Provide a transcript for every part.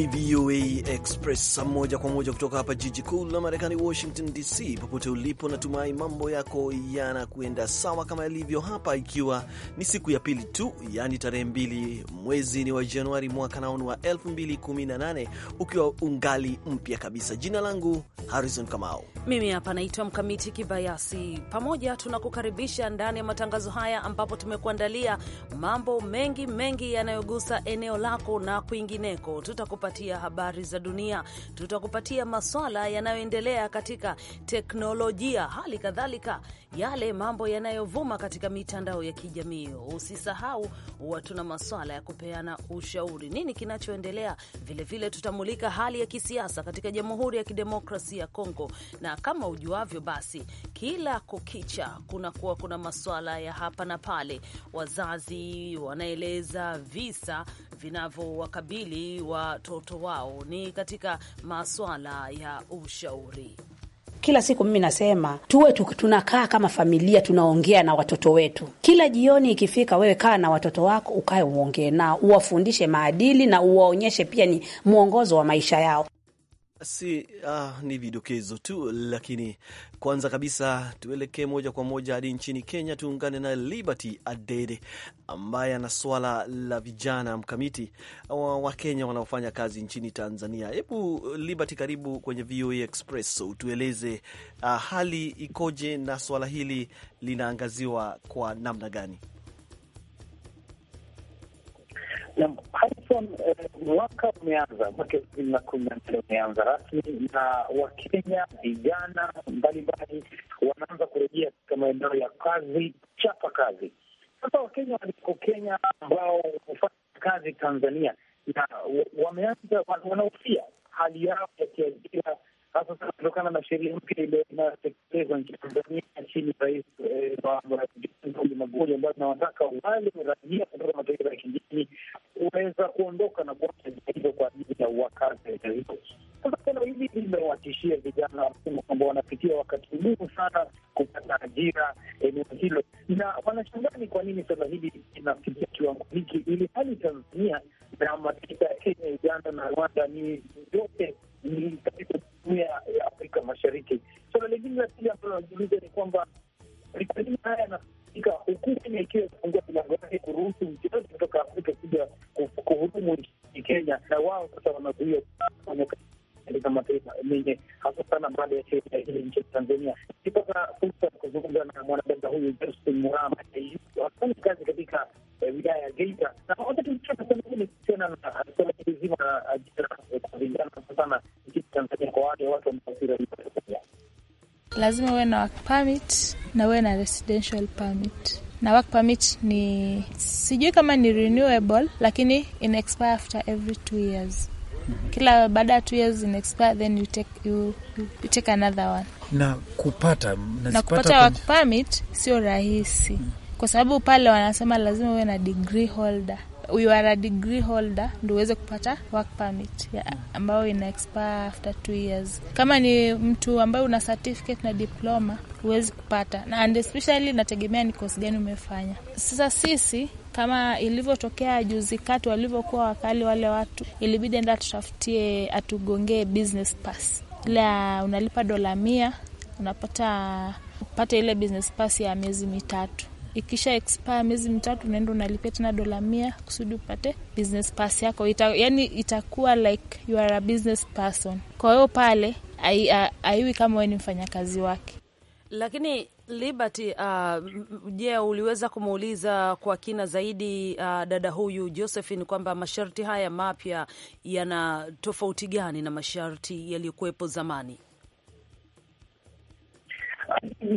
ni VOA Express moja kwa moja kutoka hapa jiji kuu la Marekani, Washington DC. Popote ulipo, natumai mambo yako yanakuenda sawa kama yalivyo hapa, ikiwa ni siku ya pili tu, yaani tarehe mbili mwezi ni wa Januari mwaka naoni wa 2018 ukiwa ungali mpya kabisa. Jina langu Harrison Kamau, mimi hapa naitwa Mkamiti Kibayasi. Pamoja tunakukaribisha ndani ya matangazo haya ambapo tumekuandalia mambo mengi mengi yanayogusa eneo lako na kwingineko tutakupa kutupatia habari za dunia, tutakupatia maswala yanayoendelea katika teknolojia, hali kadhalika yale mambo yanayovuma katika mitandao ya kijamii. Usisahau huwa tuna maswala ya kupeana ushauri, nini kinachoendelea. Vilevile tutamulika hali ya kisiasa katika Jamhuri ya Kidemokrasia ya Kongo, na kama ujuavyo, basi kila kukicha kunakuwa kuna maswala ya hapa na pale. Wazazi wanaeleza visa vinavyowakabili watoto watoto wao ni katika maswala ya ushauri. Kila siku mimi nasema tuwe tunakaa kama familia, tunaongea na watoto wetu kila jioni. Ikifika wewe kaa na watoto wako, ukae uongee nao, uwafundishe maadili na uwaonyeshe pia ni mwongozo wa maisha yao. Si ah, ni vidokezo tu, lakini kwanza kabisa tuelekee moja kwa moja hadi nchini Kenya, tuungane na Liberty Adede ambaye ana swala la vijana mkamiti wa Kenya wanaofanya kazi nchini Tanzania. Hebu Liberty, karibu kwenye VOA Express. So, tueleze ah, hali ikoje na swala hili linaangaziwa kwa namna gani? na eh, mwaka umeanza, mwaka elfu mbili na kumi na mbili umeanza rasmi, na Wakenya vijana mbalimbali wanaanza kurejea katika maeneo ya kazi, chapa kazi. Sasa Wakenya waliko Kenya ambao hufanya kazi Tanzania na wameanza wanahofia hali yao ya kiajira sasa kutokana na sheria mpya ile inayotekelezwa nchini Tanzania chini rais eh, John Magufuli, ambayo inawataka wale raia kutoka mataifa ya kigeni kuweza kuondoka na kuacha hizo kwa ajili ya wakazi wa eneo hilo. Sasa tena hili limewatishia vijana wasema kwamba wanapitia wakati mgumu sana kupata ajira eneo hilo, na wanashangani kwa nini sasa hili linafikia kiwango hiki, ili hali Tanzania na mataifa ya Kenya, Uganda na Rwanda ni yote ni wajiulize ni kwamba ni kwa nini haya yanafanyika, huku Kenya ikiwa imefungua milango yake kuruhusu mchezaji kutoka Afrika kuja kuhudumu nchini Kenya, na wao sasa wanazuia katika mataifa mengi, hasa sana baada ya sheria hili nchini Tanzania lazima uwe na work permit na uwe na residential permit na work permit ni sijui kama ni renewable, lakini ina expire after every two years. Kila baada ya two years in expire, then you take, you, you take another one. Na kupata, na kupata work permit sio rahisi, kwa sababu pale wanasema lazima uwe na degree holder you are a degree holder ndio uweze kupata work permit ambayo ina expire after two years. Kama ni mtu ambaye una certificate na diploma huwezi kupata, na and especially nategemea ni kosi gani umefanya. Sasa sisi kama ilivyotokea juzi kati, walivyokuwa wakali wale watu, ilibidi enda tutafutie, atugongee business pass ila unalipa dola mia unapata upate ile business pass ya miezi mitatu ikisha expire miezi mitatu, unaenda unalipia tena dola mia kusudi upate business pass yako ita, yani itakuwa like you are a business person. Kwa hiyo pale aiwi kama wewe ni mfanyakazi wake, lakini Liberty, uh, je, uh, uliweza kumuuliza kwa kina zaidi uh, dada huyu Josephine kwamba masharti haya mapya yana tofauti gani na masharti yaliyokuwepo zamani?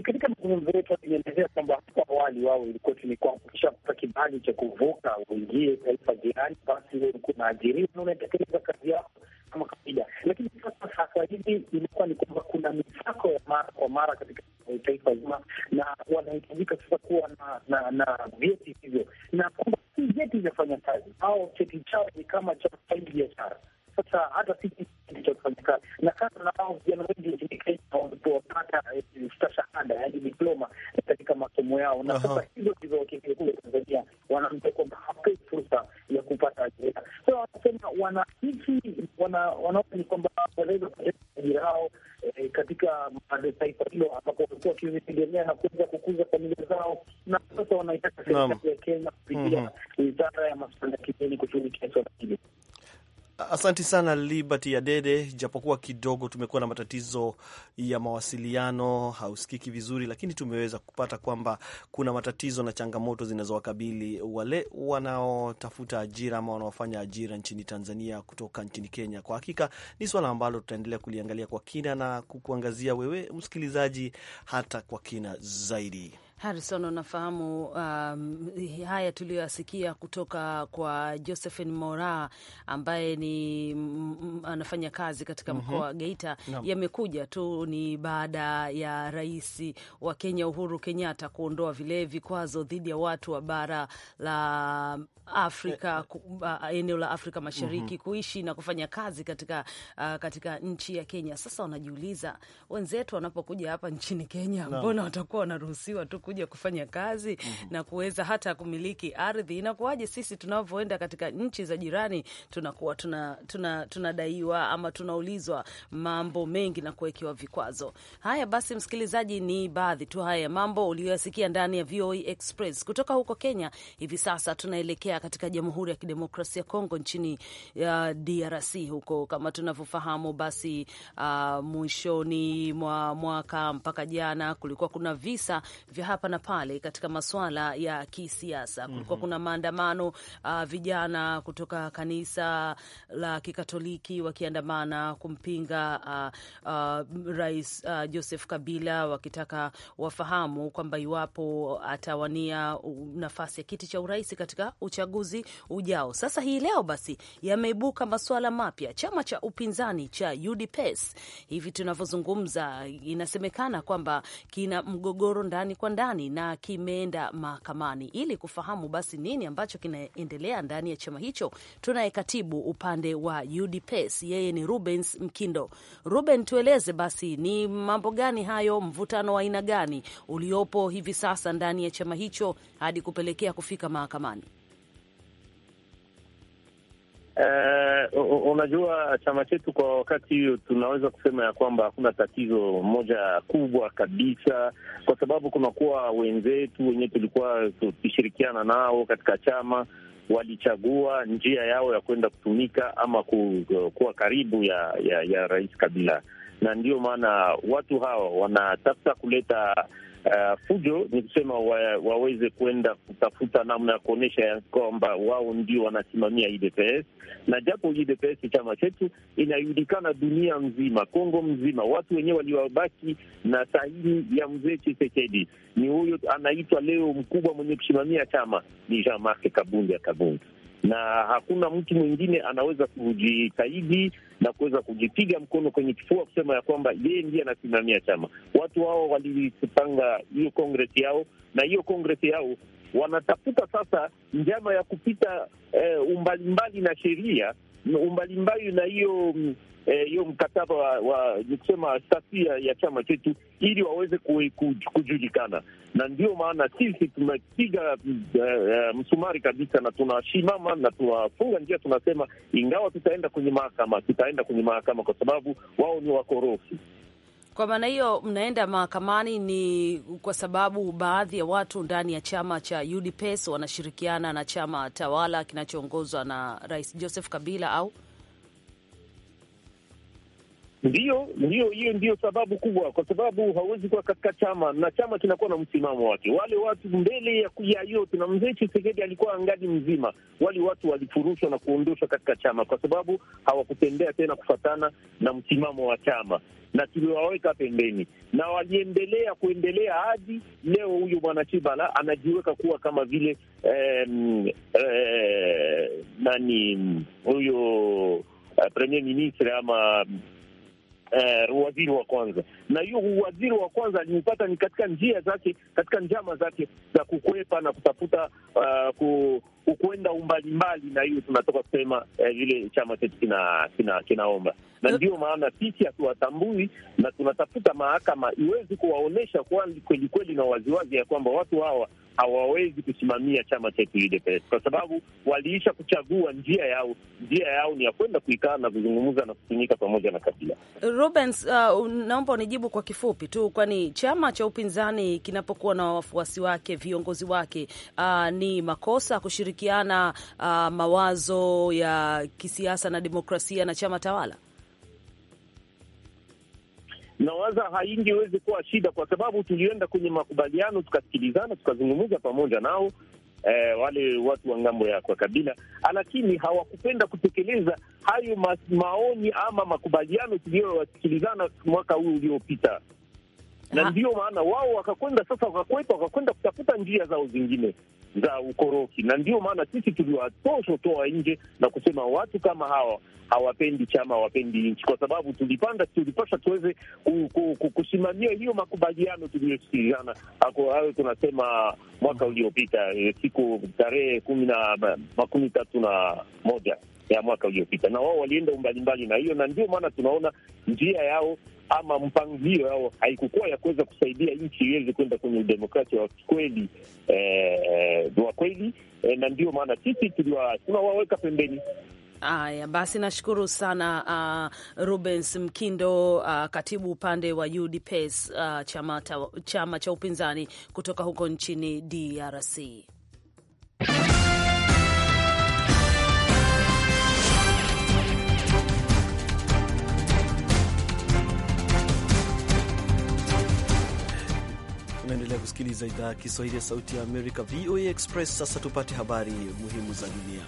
Katika mazungumzo yetu alielezea kwamba hapo awali wao ilikuwa ni kwamba ukishapata kibali cha kuvuka uingie taifa jirani, basi wewe ulikuwa unaajiriwa na unatekeleza kazi yako kama kawaida. Lakini sasa sasa hivi ilikuwa ni kwamba kuna misako ya mara kwa mara katika taifa zima, na wanahitajika sasa kuwa na na na vyeti hivyo, na kwamba si vyeti vyafanya kazi au cheti chao ni kama cha kufanya biashara. Sasa hata si cha kufanya kazi, na kando na hao vijana wengi nchini Kenya Eh, stashahada yaani diploma katika masomo yao, na sasa hizo ndizo wakimbizi kule Tanzania wanaambia kwamba fursa ya kupata ajira. So wanasema wanahisi wanaona ni kwamba wanaweza kupata ajira yao eh, katika taifa hilo ambapo wamekuwa wakizitegemea na kuweza kukuza familia zao, na sasa wanaitaka serikali ya Kenya kupitia mhm. wizara ya masuala ya kigeni kushughulikia swala hili. Asanti sana Liberty ya Dede, japokuwa kidogo tumekuwa na matatizo ya mawasiliano, hausikiki vizuri, lakini tumeweza kupata kwamba kuna matatizo na changamoto zinazowakabili wale wanaotafuta ajira ama wanaofanya ajira nchini Tanzania kutoka nchini Kenya. Kwa hakika ni swala ambalo tutaendelea kuliangalia kwa kina na kukuangazia wewe msikilizaji, hata kwa kina zaidi. Harrison, unafahamu um, haya tuliyoyasikia kutoka kwa Josephine Mora ambaye ni m, mm, mm, anafanya kazi katika mhm. mkoa wa Geita no. Yamekuja tu ni baada ya rais wa Kenya Uhuru Kenyatta kuondoa vile vikwazo dhidi ya watu wa bara la Afrika eh, eh. eneo la Afrika Mashariki mm -hmm. kuishi na kufanya kazi katika, uh, katika nchi ya Kenya. Sasa wanajiuliza wenzetu wanapokuja hapa nchini Kenya mbona no. watakuwa wanaruhusiwa tu kuja kufanya kazi mm -hmm. na kuweza hata kumiliki ardhi. Inakuwaje sisi tunavyoenda katika nchi za jirani tunakuwa tunadaiwa tuna, tuna ama tunaulizwa mambo mengi na kuwekewa vikwazo? Haya basi, msikilizaji, ni baadhi tu haya mambo uliyoyasikia ndani ya VOA e Express kutoka huko Kenya. Hivi sasa tunaelekea katika Jamhuri ya Kidemokrasia ya Kongo nchini ya DRC huko kama tunavyofahamu basi, uh, mwishoni mwa mwaka mpaka jana kulikuwa kuna visa vya hapa na pale katika masuala ya kisiasa. Kulikuwa mm -hmm. kuna maandamano uh, vijana kutoka kanisa la Kikatoliki wakiandamana kumpinga uh, uh, Rais uh, Joseph Kabila wakitaka wafahamu kwamba iwapo atawania nafasi ya kiti cha urais katika uchaguzi ujao. Sasa hii leo basi yameibuka masuala mapya. Chama cha upinzani cha UDPS hivi tunavyozungumza, inasemekana kwamba kina mgogoro ndani kwa ndani ndani na kimeenda mahakamani. Ili kufahamu basi nini ambacho kinaendelea ndani ya chama hicho, tunaye katibu upande wa UDPS, yeye ni Rubens Mkindo. Ruben, tueleze basi ni mambo gani hayo, mvutano wa aina gani uliopo hivi sasa ndani ya chama hicho hadi kupelekea kufika mahakamani? Uh, unajua chama chetu kwa wakati hiyo, tunaweza kusema ya kwamba hakuna tatizo moja kubwa kabisa, kwa sababu kunakuwa wenzetu wenyewe tulikuwa tukishirikiana nao katika chama walichagua njia yao ya kwenda kutumika ama ku, kuwa karibu ya, ya, ya Rais Kabila, na ndiyo maana watu hawa wanatafuta kuleta uh, fujo ni kusema wa, waweze kwenda kutafuta namna ya kuonyesha ya kwamba wao ndio wanasimamia UDPS, na japo UDPS chama chetu inajulikana dunia mzima, Kongo mzima, watu wenyewe waliwabaki na sahihi ya mzee Chisekedi ni huyo anaitwa leo mkubwa mwenye kusimamia chama ni Jean Marc ya kabundi na hakuna mtu mwingine anaweza kujikaidi na kuweza kujipiga mkono kwenye kifua kusema ya kwamba yeye ndiye anasimamia chama. Watu hao walipanga hiyo kongres yao, na hiyo kongres yao wanatafuta sasa njama ya kupita eh, umbalimbali na sheria umbalimbali na hiyo mm, eh, hiyo e, mkataba wa, wa ni kusema ya, ya chama chetu ili waweze kujulikana, na ndio maana sisi tumepiga uh, msumari kabisa, na tunashimama na tunafunga njia. Tunasema ingawa tutaenda kwenye mahakama, tutaenda kwenye mahakama kwa sababu wao ni wakorofi. Kwa maana hiyo mnaenda mahakamani ni kwa sababu baadhi ya watu ndani ya chama cha UDPS wanashirikiana na chama tawala kinachoongozwa na Rais Joseph Kabila au ndio ndio hiyo ndio sababu kubwa, kwa sababu hawezi kuwa katika chama na chama kinakuwa na msimamo wake. Wale watu mbele ya kuya yote, na mzee Chisekedi alikuwa angali mzima, wale watu walifurushwa na kuondoshwa katika chama kwa sababu hawakutembea tena kufatana na msimamo wa chama, na tuliwaweka pembeni, na waliendelea kuendelea hadi leo. Huyu bwana Chibala anajiweka kuwa kama vile eh, eh, nani huyo Uh, premier ministre ama uh, waziri wa kwanza, na hiyo waziri wa kwanza alimpata ni katika njia zake, katika njama zake za kukwepa na kutafuta uh, ku kukwenda umbali mbali na hiyo tunatoka kusema eh, vile chama chetu kinaomba kina, kina na ndio maana sisi hatuwatambui na tunatafuta mahakama iwezi kuwaonyesha kweli kweli na waziwazi ya kwamba watu hawa hawawezi kusimamia chama chetu UDPS kwa sababu waliisha kuchagua njia yao. Njia yao ni ya kwenda kuikaa na kuzungumza na kutumika pamoja na Kabila. Rubens, uh, naomba unijibu kwa kifupi tu, kwani chama cha upinzani kinapokuwa na wafuasi wake viongozi wake, uh, ni makosa kushiriki kushirikiana uh, mawazo ya kisiasa na demokrasia na chama tawala? Nawaza haingewezi kuwa shida, kwa sababu tulienda kwenye makubaliano, tukasikilizana, tukazungumza pamoja nao Eh, wale watu wa ngambo ya kwa kabila, lakini hawakupenda kutekeleza hayo maoni ama makubaliano tuliyowasikilizana mwaka huu uliopita na ndiyo maana wao wakakwenda sasa, wakakwepa, wakakwenda kutafuta njia zao zingine za ukoroki, na ndio maana sisi tuliwatosho toa nje na kusema watu kama hawa hawapendi chama, hawapendi nchi, kwa sababu tulipanda, tulipasha tuweze kusimamia hiyo makubaliano tuliyosikilizana hayo, tunasema mwaka uliopita, eh, siku tarehe kumi na makumi tatu na moja ya mwaka uliopita, na wao walienda umbali mbali na hiyo, na ndio maana tunaona njia yao ama mpangilio yao haikukuwa ya kuweza kusaidia nchi iweze kwenda kwenye udemokrasia wa kweli eh, wa kweli eh, na ndio maana sisi tunawaweka pembeni. Haya basi, nashukuru sana uh, Rubens Mkindo uh, katibu upande wa UDPS uh, chama, chama cha upinzani kutoka huko nchini DRC. kusikiliza idhaa ya Kiswahili ya Sauti ya Amerika, VOA Express. Sasa tupate habari muhimu za dunia.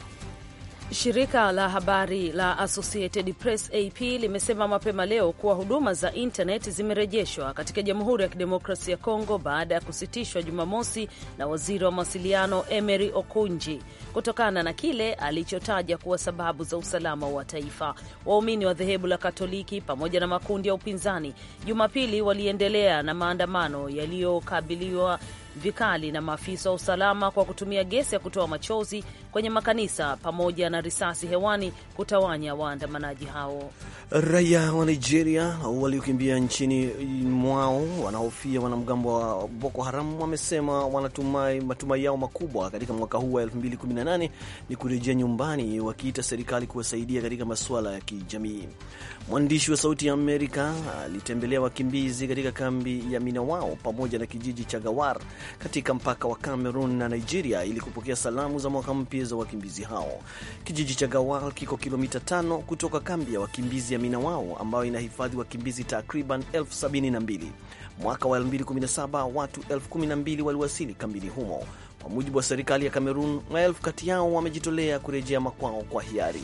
Shirika la habari la Associated Press AP limesema mapema leo kuwa huduma za intaneti zimerejeshwa katika Jamhuri ya Kidemokrasia ya Kongo baada ya kusitishwa Jumamosi na waziri wa mawasiliano Emery Okunji kutokana na kile alichotaja kuwa sababu za usalama wa taifa. Waumini wa dhehebu la Katoliki pamoja na makundi ya upinzani Jumapili waliendelea na maandamano yaliyokabiliwa vikali na maafisa wa usalama kwa kutumia gesi ya kutoa machozi kwenye makanisa pamoja na risasi hewani kutawanya waandamanaji hao. Raia wa Nigeria waliokimbia nchini mwao wanahofia wanamgambo wa Boko Haram wamesema wanatumai matumai yao makubwa katika mwaka huu wa 2018 ni kurejea nyumbani, wakiita serikali kuwasaidia katika masuala ya kijamii. Mwandishi wa Sauti ya Amerika alitembelea wakimbizi katika kambi ya mina wao pamoja na kijiji cha Gawar katika mpaka wa Cameroon na Nigeria ili kupokea salamu za mwaka mpya kuwaeleza wakimbizi hao. Kijiji cha Gawal kiko kilomita tano kutoka kambi ya wakimbizi ya Wao ambayo inahifadhi wakimbizi takriban elfu sabini na mbili. Mwaka wa 2017 watu elfu kumi na mbili waliwasili kambini humo. Kwa mujibu wa serikali ya Kamerun, maelfu kati yao wamejitolea kurejea makwao kwa hiari.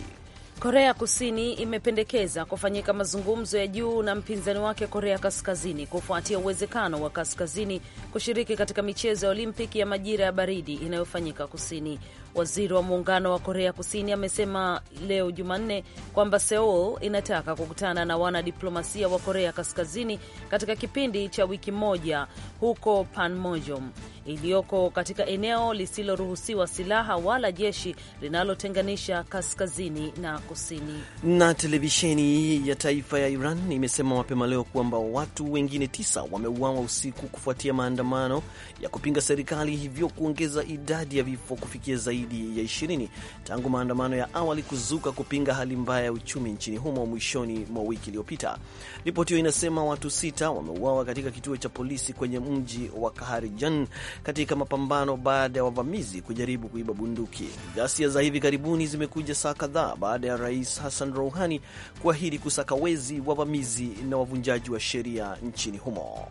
Korea Kusini imependekeza kufanyika mazungumzo ya juu na mpinzani wake Korea Kaskazini kufuatia uwezekano wa Kaskazini kushiriki katika michezo ya Olimpiki ya majira ya baridi inayofanyika kusini. Waziri wa muungano wa Korea Kusini amesema leo Jumanne kwamba Seoul inataka kukutana na wanadiplomasia wa Korea Kaskazini katika kipindi cha wiki moja huko Panmunjom iliyoko katika eneo lisiloruhusiwa silaha wala jeshi linalotenganisha kaskazini na kusini. Na televisheni ya taifa ya Iran imesema mapema leo kwamba watu wengine tisa wameuawa usiku kufuatia maandamano ya kupinga serikali, hivyo kuongeza idadi ya vifo kufikia zaidi zaidi ya 20 tangu maandamano ya awali kuzuka kupinga hali mbaya ya uchumi nchini humo mwishoni mwa wiki iliyopita. Ripoti hiyo inasema watu sita wameuawa katika kituo cha polisi kwenye mji wa Kaharijan katika mapambano baada ya wavamizi kujaribu kuiba bunduki. Ghasia za hivi karibuni zimekuja saa kadhaa baada ya Rais Hassan Rouhani kuahidi kusaka wezi, wavamizi na wavunjaji wa sheria nchini humo.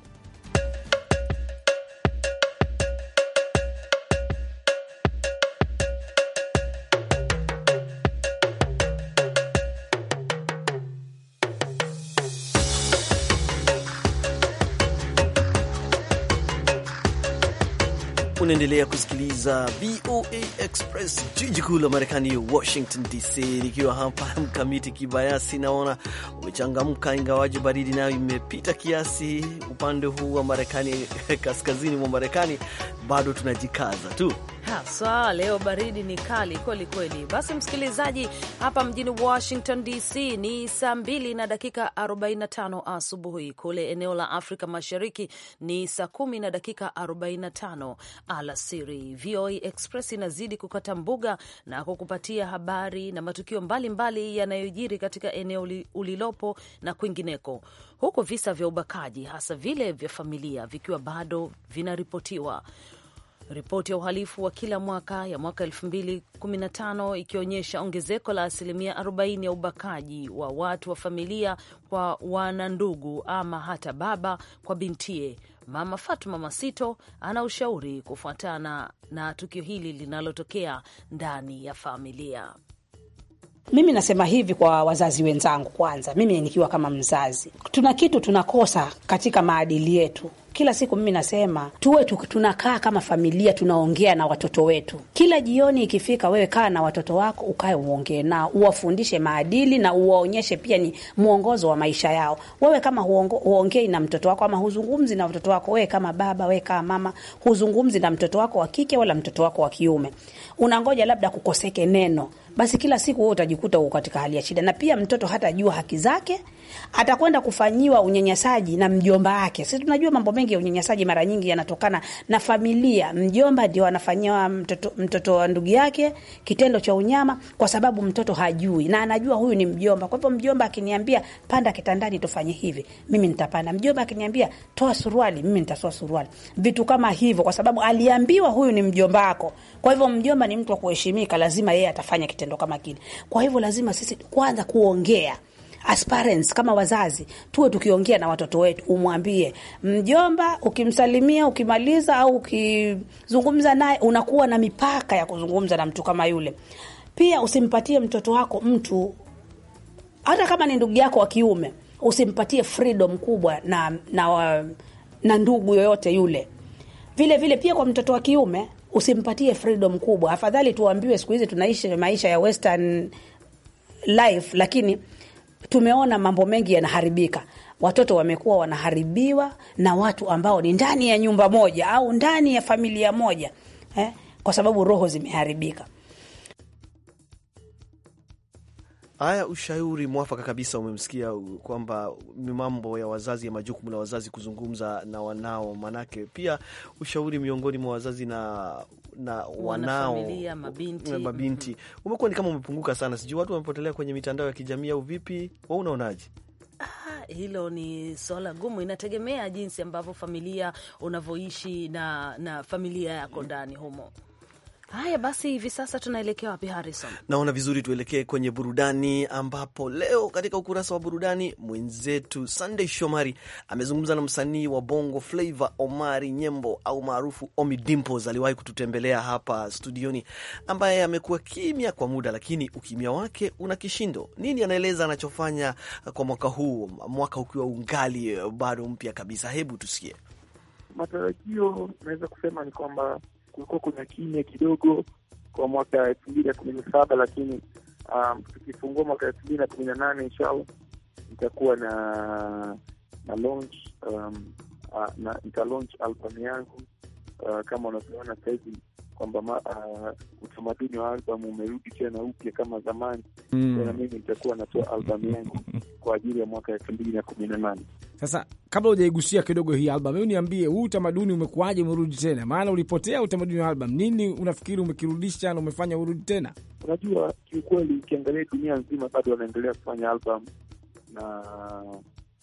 unaendelea kusikiliza VOA Express, jiji kuu la Marekani, Washington DC. Nikiwa hapa Mkamiti Kibayasi, naona umechangamka, ingawaji baridi nayo imepita kiasi upande huu wa Marekani, kaskazini mwa Marekani. Bado tunajikaza tu haswa leo baridi ni kali kweli kweli. Basi msikilizaji, hapa mjini Washington DC ni saa 2 na dakika 45 asubuhi, kule eneo la Afrika Mashariki ni saa 10 na dakika 45 alasiri. VOA Express inazidi kukata mbuga na kukupatia habari na matukio mbalimbali yanayojiri katika eneo ulilopo na kwingineko, huku visa vya ubakaji hasa vile vya familia vikiwa bado vinaripotiwa. Ripoti ya uhalifu wa kila mwaka ya mwaka 2015 ikionyesha ongezeko la asilimia 40 ya ubakaji wa watu wa familia kwa wanandugu ama hata baba kwa bintie. Mama Fatuma Masito ana ushauri kufuatana na tukio hili linalotokea ndani ya familia. Mimi nasema hivi kwa wazazi wenzangu, kwanza mimi nikiwa kama mzazi, tuna kitu tunakosa katika maadili yetu kila siku mimi nasema tuwe tunakaa kama familia, tunaongea na watoto wetu kila jioni. Ikifika wewe kaa na watoto wako, ukae uongee nao, uwafundishe maadili na uwaonyeshe pia ni mwongozo wa maisha yao. Wewe kama huongei na mtoto wako ama huzungumzi na watoto wako, wewe kama baba, wewe kama mama, huzungumzi na mtoto wako wa kike wala mtoto wako wa kiume, unangoja labda kukoseke neno, basi kila siku wewe utajikuta uko katika hali ya shida, na pia mtoto hatajua haki zake, atakwenda kufanyiwa unyanyasaji na mjomba wake. Sisi tunajua mambo mengi ya unyanyasaji mara nyingi yanatokana na familia. Mjomba ndio anafanyiwa mtoto, mtoto wa ndugu yake kitendo cha unyama, kwa sababu mtoto hajui na anajua huyu ni mjomba. Kwa hivyo mjomba akiniambia panda kitandani tufanye hivi, mimi nitapanda. Mjomba akiniambia toa suruali, mimi nitatoa suruali, vitu kama hivyo, kwa sababu aliambiwa huyu ni mjomba wako. Kwa hivyo mjomba ni mtu wa kuheshimika, lazima yeye atafanya kitendo ndo kama kile. Kwa hivyo lazima sisi kwanza kuongea As parents kama wazazi tuwe tukiongea na watoto wetu, umwambie mjomba, ukimsalimia ukimaliza, au ukizungumza naye, unakuwa na mipaka ya kuzungumza na mtu kama yule. Pia usimpatie mtoto wako mtu, hata kama ni ndugu yako wa kiume, usimpatie freedom kubwa na, na, na ndugu yoyote yule. Vile vile pia kwa mtoto wa kiume usimpatie freedom kubwa. Afadhali tuambiwe, siku hizi tunaishi maisha ya western life, lakini tumeona mambo mengi yanaharibika. Watoto wamekuwa wanaharibiwa na watu ambao ni ndani ya nyumba moja au ndani ya familia moja eh, kwa sababu roho zimeharibika. Haya, ushauri mwafaka kabisa umemsikia, kwamba ni mambo ya wazazi ya majukumu la wazazi kuzungumza na wanao, manake pia ushauri miongoni mwa wazazi na na wanao familia, mabinti, mabinti. Mm -hmm. Umekuwa ni kama umepunguka sana, sijui watu wamepotelea kwenye mitandao ya kijamii au vipi? Wa unaonaje? Ah, hilo ni swala gumu, inategemea jinsi ambavyo familia unavyoishi na, na familia yako mm. ndani humo Haya basi, hivi sasa tunaelekea wapi Harrison? Naona vizuri tuelekee kwenye burudani, ambapo leo katika ukurasa wa burudani mwenzetu Sunday Shomari amezungumza na msanii wa bongo flava Omari Nyembo au maarufu Omi Dimples. Aliwahi kututembelea hapa studioni, ambaye amekuwa kimya kwa muda, lakini ukimya wake una kishindo. Nini anaeleza anachofanya kwa mwaka huu, mwaka ukiwa ungali bado mpya kabisa? Hebu tusikie. Matarajio naweza kusema ni kwamba kulikuwa kuna kimya kidogo kwa mwaka elfu mbili na kumi na saba lakini um, tukifungua mwaka elfu mbili na kumi na nane inshallah itakuwa na na launch um, uh, na ita launch album yangu uh, kama unavyoona sahizi kwamba uh, utamaduni wa albamu umerudi tena upya kama zamani. Mm. Tena mimi nitakuwa natoa albamu yangu kwa ajili ya mwaka elfu mbili na kumi na nane. Sasa kabla hujaigusia kidogo hii album, hebu niambie huu utamaduni umekuwaje, umerudi tena? Maana ulipotea utamaduni wa album. Nini unafikiri umekirudisha na umefanya urudi tena? Unajua, kiukweli ukiangalia dunia nzima bado wanaendelea kufanya album, na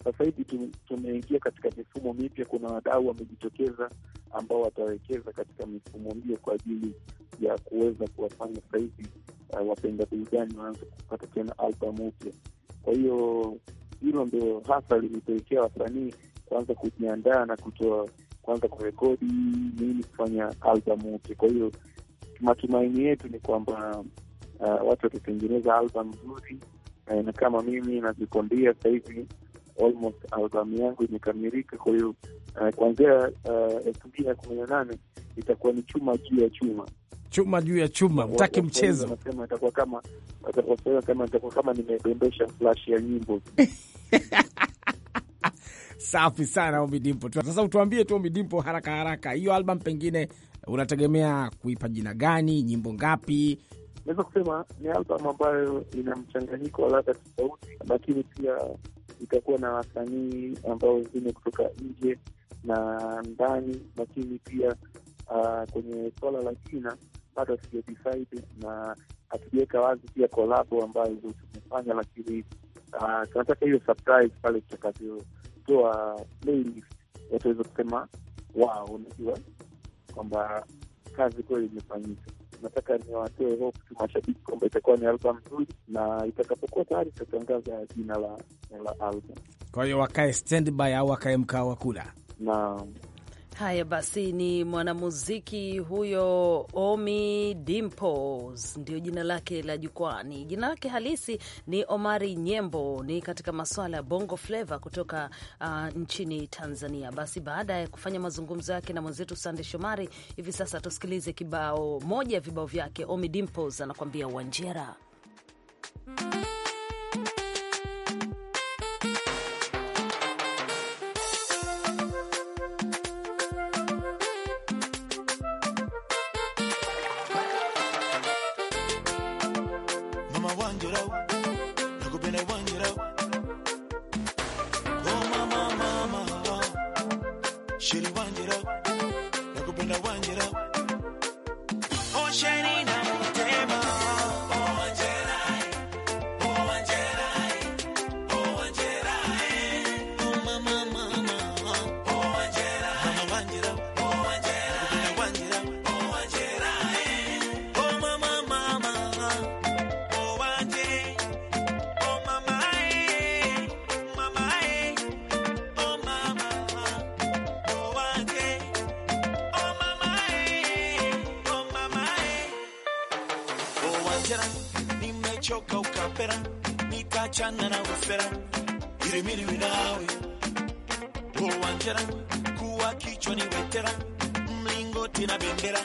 sasa hivi tumeingia katika mifumo mipya. Kuna wadau wamejitokeza ambao watawekeza katika mifumo hiyo kwa ajili ya kuweza kuwafanya sasa hivi uh, wapenda burudani waanze kupata tena album upya. Kwa hiyo hilo ndio hasa limepelekea wasanii kuanza kujiandaa na kutoa kuanza kurekodi nini, kufanya albamu upya. Kwa hiyo matumaini yetu ni kwamba uh, watu watatengeneza albamu nzuri uh, na kama mimi nazipondia sasa hivi almost albamu yangu imekamilika. Kwa hiyo uh, kuanzia uh, elfu mbili na kumi na nane itakuwa ni chuma juu ya chuma chuma juu ya chuma, mtaki mchezo. Nasema itakuwa kama watakosoa kama itakuwa kama nimedondosha flash ya nyimbo. Safi sana Ommy Dimpo. Sasa utuambie tu Ommy Dimpo, haraka haraka, hiyo album pengine unategemea kuipa jina gani? Nyimbo ngapi? Naweza kusema ni albamu ambayo ina mchanganyiko wa ladha tofauti, lakini pia itakuwa na wasanii ambao wengine kutoka nje na ndani, lakini pia uh, kwenye swala la china bado decide na hatujaweka wazi pia kolabo ambazo tumefanya, lakini ah, tunataka hiyo surprise pale tutakavyotoa playlist wataweza kusema wao, unajua kwamba kazi kweli imefanyika. Nataka niwatoe hope tu mashabiki kwamba itakuwa ni album nzuri, na itakapokuwa tayari tutatangaza jina la, la Kwa hiyo wakae standby au wakae mkaa wa kula na Haya basi, ni mwanamuziki huyo Omi Dimples, ndio jina lake la jukwani. Jina lake halisi ni Omari Nyembo, ni katika masuala ya bongo fleva kutoka uh, nchini Tanzania. Basi baada ya kufanya mazungumzo yake na mwenzetu Sande Shomari, hivi sasa tusikilize kibao moja ya vibao vyake. Omi Dimples anakuambia Wanjera. Mm. umechoka ukapera, nikachana na ufera irimiri winawe uwanjera kuwa kichwa ni wetera mlingoti na bendera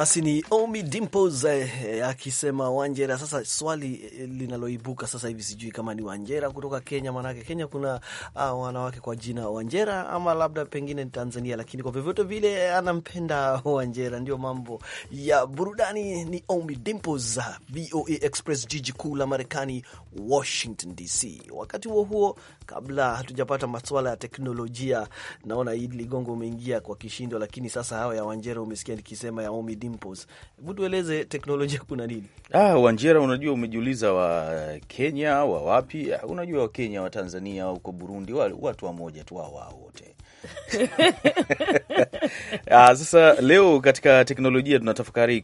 Basi ni Omi Dimples é, é, akisema Wanjera. Sasa swali eh, linaloibuka sasa hivi, sijui kama ni Wanjera kutoka Kenya, maanake Kenya kuna uh, wanawake kwa jina Wanjera ama labda pengine ni Tanzania, lakini kwa vyovyote vile eh, anampenda Wanjera. Ndio mambo ya burudani. Ni Omi Dimples za VOA Express, jiji kuu la Marekani, Washington DC. Wakati huo huo, kabla hatujapata maswala ya teknolojia, naona Idi Ligongo umeingia kwa kishindo, lakini sasa hawa ya Wanjera umesikia nikisema ya Omi Dimples, hebu tueleze teknolojia kuna na nini? Ah, Wanjera, unajua umejiuliza, wa Kenya wa wapi? Ah, unajua Wakenya, Watanzania, huko Burundi, watu wamoja tu wao wote ah, Sasa leo katika teknolojia tunatafakari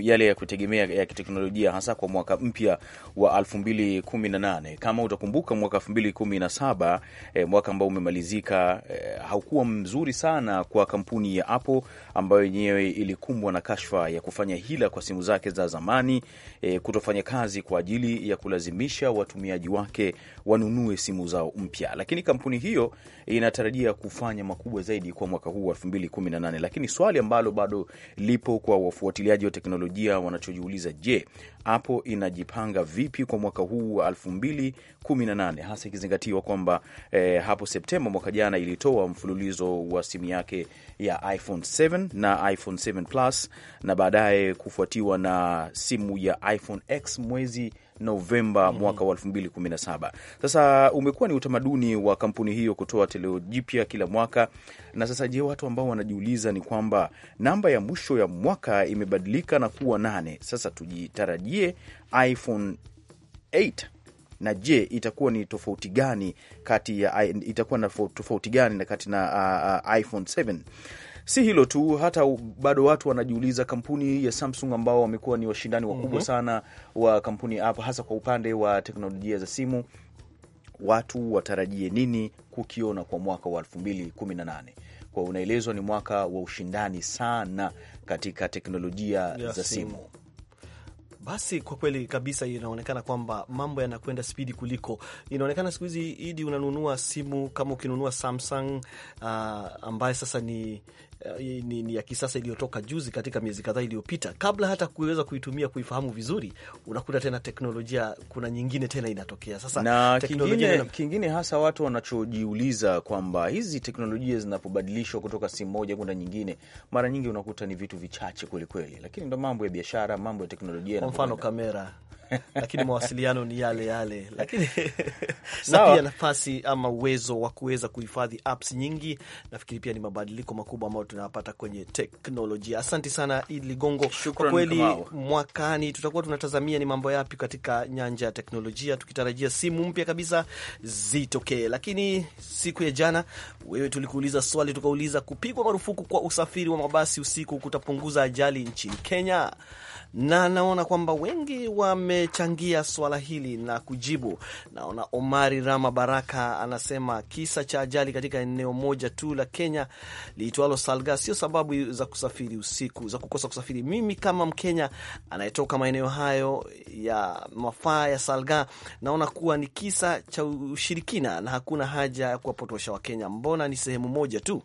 yale ya kutegemea ya kiteknolojia hasa kwa mwaka mpya wa 2018. Kama utakumbuka mwaka 2017, eh, mwaka ambao umemalizika, eh, haukuwa mzuri sana kwa kampuni ya Apple ambayo yenyewe ilikumbwa na kashfa ya kufanya hila kwa simu zake za zamani, eh, kutofanya kazi kwa ajili ya kulazimisha watumiaji wake wanunue simu zao mpya, lakini kampuni hiyo inatarajia kufanya kufanya makubwa zaidi kwa mwaka huu wa 2018. Lakini swali ambalo bado lipo kwa wafuatiliaji wa teknolojia wanachojiuliza, je, Apple inajipanga vipi kwa mwaka huu wa 2018, hasa ikizingatiwa kwamba eh, hapo Septemba mwaka jana ilitoa mfululizo wa simu yake ya iPhone 7 na iPhone 7 Plus na baadaye kufuatiwa na simu ya iPhone X mwezi Novemba mhm. mwaka wa 217 Sasa umekuwa ni utamaduni wa kampuni hiyo kutoa toleo jipya kila mwaka, na sasa je, watu ambao wanajiuliza ni kwamba namba ya mwisho ya mwaka imebadilika na kuwa nane. Sasa tujitarajie iPhone 8 na je, itakuwa ni tofauti gani kati ya itakuwa na tofauti gani na kati na uh, uh, iPhone 7? Si hilo tu, hata bado watu wanajiuliza kampuni ya Samsung ambao wamekuwa ni washindani wakubwa mm -hmm. sana wa kampuni Apple hasa kwa upande wa teknolojia za simu, watu watarajie nini kukiona kwa mwaka wa 2018? Kwa unaelezwa ni mwaka wa ushindani sana katika teknolojia ya za simu, simu. Basi kwa kweli kabisa, inaonekana kwamba mambo yanakwenda spidi kuliko inaonekana. Siku hizi idi unanunua simu kama ukinunua Samsung uh, ambaye sasa ni Eh, ni, ni ya kisasa iliyotoka juzi katika miezi kadhaa iliyopita, kabla hata kuweza kuitumia kuifahamu vizuri, unakuta tena teknolojia kuna nyingine tena inatokea. Sasa na kingine, ina... kingine hasa watu wanachojiuliza kwamba hizi teknolojia zinapobadilishwa kutoka simu moja kwenda nyingine, mara nyingi unakuta ni vitu vichache kwelikweli, lakini ndo mambo ya biashara, mambo ya teknolojia, kwa mfano kamera lakini mawasiliano ni yale yale, lakini na pia nafasi ama uwezo wa kuweza kuhifadhi apps nyingi. Nafikiri pia ni mabadiliko makubwa ambayo tunawapata kwenye teknolojia. Asante sana Idi Ligongo. Kwa kweli, mwakani tutakuwa tunatazamia ni mambo yapi katika nyanja ya teknolojia, tukitarajia simu mpya kabisa zitokee. Lakini siku ya jana, wewe tulikuuliza swali, tukauliza kupigwa marufuku kwa usafiri wa mabasi usiku kutapunguza ajali nchini Kenya na naona kwamba wengi wamechangia swala hili na kujibu. Naona Omari Rama Baraka anasema kisa cha ajali katika eneo moja tu la Kenya liitwalo Salga sio sababu za kusafiri usiku, za kukosa kusafiri. Mimi kama Mkenya anayetoka maeneo hayo ya mafaa ya Salga naona kuwa ni kisa cha ushirikina na hakuna haja ya kuwapotosha Wakenya. Mbona ni sehemu moja tu?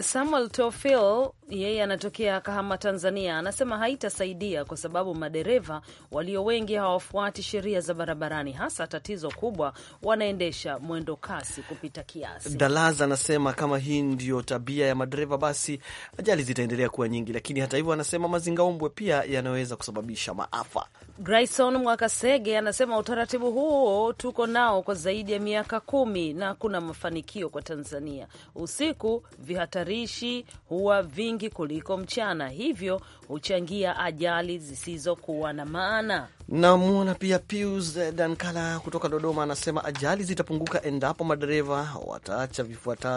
Samuel Tofil yeye anatokea Kahama, Tanzania, anasema haitasaidia kwa sababu madereva walio wengi hawafuati sheria za barabarani. Hasa tatizo kubwa, wanaendesha mwendo kasi kupita kiasi. Dalaz anasema kama hii ndiyo tabia ya madereva, basi ajali zitaendelea kuwa nyingi, lakini hata hivyo, anasema mazingaombwe pia yanaweza kusababisha maafa. Grayson Mwakasege anasema utaratibu huo tuko nao kwa zaidi ya miaka kumi na kuna mafanikio kwa Tanzania. Usiku vihata hatarishi huwa vingi kuliko mchana, hivyo huchangia ajali zisizokuwa na maana. Namwona pia Pius Dankala kutoka Dodoma anasema ajali zitapunguka endapo madereva wataacha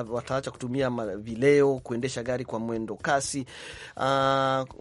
wataacha kutumia vileo, kuendesha gari kwa mwendo kasi, uh,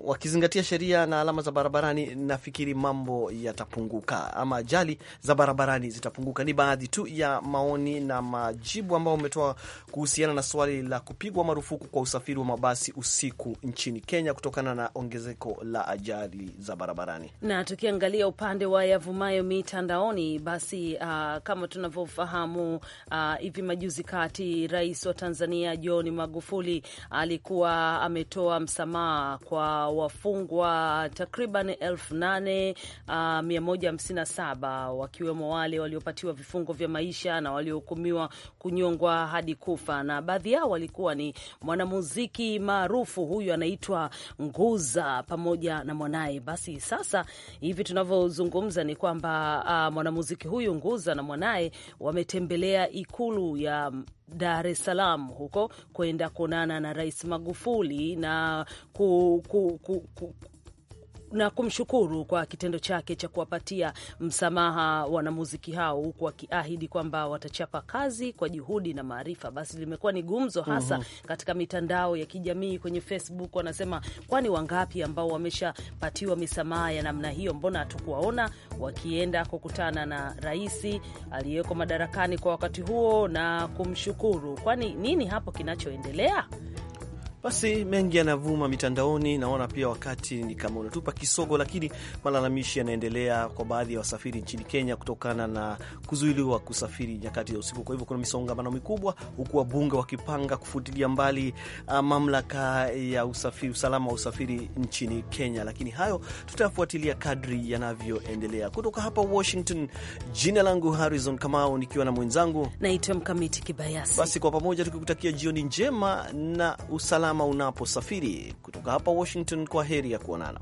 wakizingatia sheria na alama za barabarani, nafikiri mambo yatapunguka ama ajali za barabarani zitapunguka. Ni baadhi tu ya maoni na majibu ambayo umetoa kuhusiana na swali la kupigwa marufuku kwa usafiri wa mabasi usiku nchini Kenya kutokana na onge ongezeko la ajali za barabarani. Na tukiangalia upande wa yavumayo mitandaoni, basi uh, kama tunavyofahamu uh, hivi uh, majuzi kati rais wa Tanzania John Magufuli alikuwa ametoa msamaha kwa wafungwa takriban elfu nane uh, mia moja hamsini na saba wakiwemo wale waliopatiwa vifungo vya maisha na waliohukumiwa kunyongwa hadi kufa, na baadhi yao walikuwa ni mwanamuziki maarufu huyu anaitwa Nguza pamoja na mwanaye. Basi sasa hivi tunavyozungumza ni kwamba uh, mwanamuziki huyu Nguza na mwanaye wametembelea ikulu ya Dar es Salaam huko kwenda kuonana na Rais Magufuli na ku, ku, ku, ku, na kumshukuru kwa kitendo chake cha kuwapatia msamaha wanamuziki hao huku wakiahidi kwamba watachapa kazi kwa juhudi na maarifa. Basi limekuwa ni gumzo hasa mhm. katika mitandao ya kijamii, kwenye Facebook wanasema, kwani wangapi ambao wameshapatiwa misamaha ya namna hiyo? Mbona hatukuwaona wakienda kukutana na rais aliyeko madarakani kwa wakati huo na kumshukuru? Kwani nini hapo kinachoendelea? Basi mengi yanavuma mitandaoni, naona pia wakati ni kama unatupa kisogo, lakini malalamishi yanaendelea kwa baadhi ya wasafiri nchini Kenya kutokana na kuzuiliwa kusafiri nyakati za usiku. Kwa hivyo kuna misongamano mikubwa, huku wabunge wakipanga kufutilia mbali uh, mamlaka ya usafiri, usalama wa usafiri nchini Kenya. Lakini hayo tutayafuatilia kadri yanavyoendelea. Kutoka hapa Washington, jina langu Harrison Kamau, nikiwa na mwenzangu naitwa Mkamiti Kibayasi. Basi kwa pamoja tukikutakia jioni njema na usalama unaposafiri. Kutoka hapa Washington, kwa heri ya kuonana.